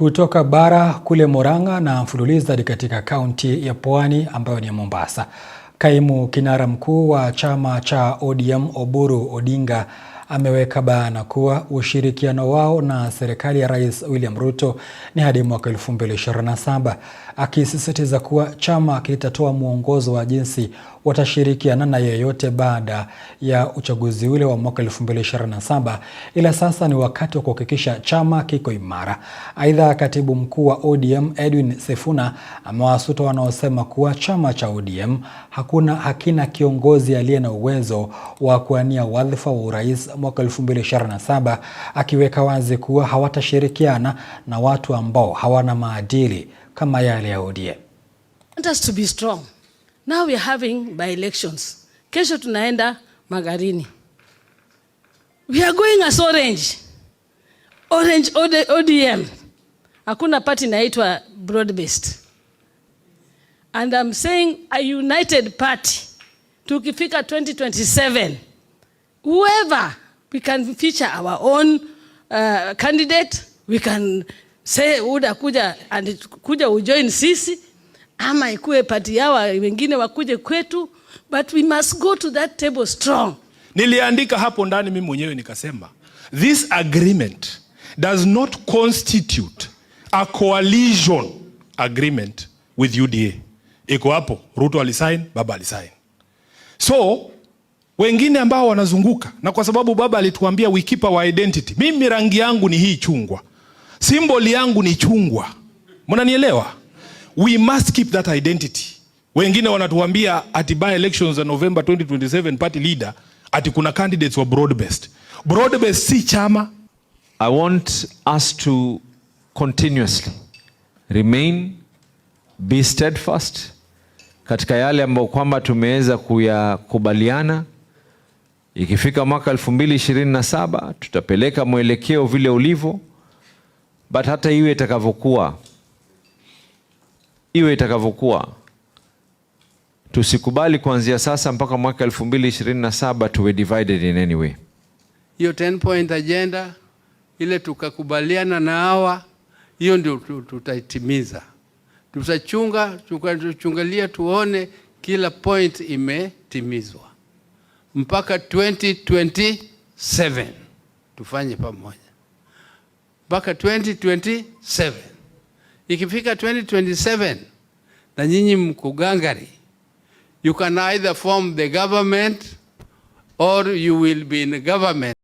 kutoka bara kule Murang'a na mfululizo hadi katika kaunti ya Pwani ambayo ni Mombasa. Kaimu kinara mkuu wa chama cha ODM Oburu Odinga ameweka bayana kuwa ushirikiano wao na serikali ya Rais William Ruto ni hadi mwaka 2027, akisisitiza kuwa chama kitatoa mwongozo wa jinsi watashirikiana na yeyote baada ya uchaguzi ule wa mwaka 2027, ila sasa ni wakati wa kuhakikisha chama kiko imara. Aidha, katibu mkuu wa ODM Edwin Sifuna amewasuta wanaosema kuwa chama cha ODM hakuna hakina kiongozi aliye na uwezo wa kuania wadhifa wa urais mwaka 2027 akiweka wazi kuwa hawatashirikiana na watu ambao hawana maadili kama yale ya ODM. Want us to be strong. Now we are having by elections. Kesho tunaenda Magarini. We are going as orange. Orange ODM. Hakuna party inaitwa broad based. And I'm saying a united party. Tukifika 2027 whoever we can feature our own uh, candidate we can say UDA kuja and kuja ujoin sisi ama ikuwe pati yawa wengine wakuje kwetu, but we must go to that table strong. Niliandika hapo ndani mimi mwenyewe nikasema, this agreement does not constitute a coalition agreement with UDA. Iko hapo, Ruto alisign, Baba alisign so wengine ambao wanazunguka, na kwa sababu baba alituambia we keep our identity. Mimi rangi yangu ni hii chungwa, simboli yangu ni chungwa, mnanielewa? We must keep that identity. Wengine wanatuambia ati by elections za November 2027 party leader, ati kuna candidates wa broad based. Broad based si chama. I want us to continuously remain be steadfast katika yale ambayo kwamba tumeweza kuyakubaliana Ikifika mwaka elfu mbili ishirini na saba tutapeleka mwelekeo vile ulivyo, but hata iwe itakavyokuwa, iwe itakavyokuwa, tusikubali kuanzia sasa mpaka mwaka elfu mbili ishirini na saba tuwe divided in any way. Hiyo 10 point agenda ile tukakubaliana na hawa, hiyo ndio tutaitimiza. Tutachunga, tutachungalia tuone kila point imetimizwa mpaka 2027 tufanye pamoja mpaka 2027. Ikifika 2027 na nyinyi mkugangari, you can either form the government or you will be in government.